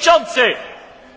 przewodniczący!